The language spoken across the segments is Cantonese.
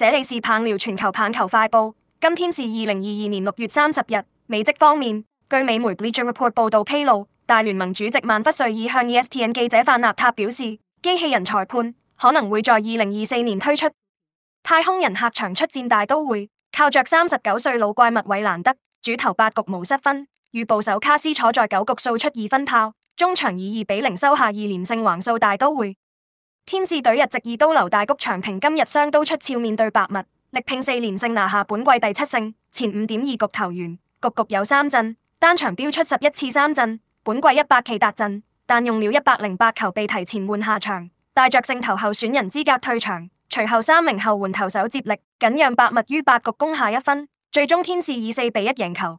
這裏是棒聊全球棒球快報，今天是二零二二年六月三十日。美職方面，據美媒 Bleacher Report 報道披露，大聯盟主席曼弗瑞瑞爾向 ESPN 記者范納塔表示，機器人裁判可能會在二零二四年推出。太空人客場出戰大都會，靠着三十九歲老怪物韋蘭德，主投八局無失分，預暴手卡斯坐在九局掃出二分炮，中場以二比零收下二連勝，橫掃大都會。天使隊日籍二刀流大谷翔平今日雙刀出鞘，面對白襪，力拼四連勝，拿下本季第七勝，前五點二局投完局局有三振，單場飆出十一次三振，本季一百期達陣，但用了一百零八球，被提前換下場，帶着勝投候選人資格退場，隨後三名後援投手接力僅讓白襪於八局攻下一分，最終天使以四比一贏球。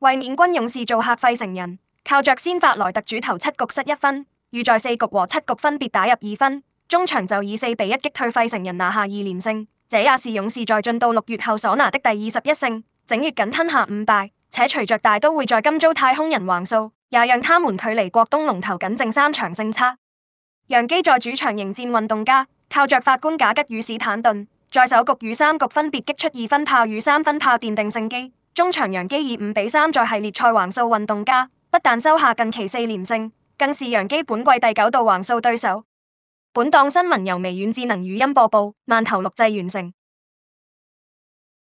衛冕軍勇士做客費城人靠着先發萊特主投七局失一分。預在四局和七局分別打入二分，中場就以四比一擊退費城人，拿下二連勝，這也是勇士在進到六月後所拿的第二十一勝。整月僅吞下五敗，且隨着大都會在今朝太空人橫掃，也讓他們距離國東龍頭僅剩三場勝差。楊基在主場迎戰運動家，靠着法官賈吉與史坦頓，在首局與三局分別擊出二分炮與三分炮奠定勝機。中場楊基以五比三在系列賽橫掃運動家，不但收下近期四連勝。更是揚基本季第九度橫掃對手。本檔新聞由微軟智能語音播報，饅頭錄製完成。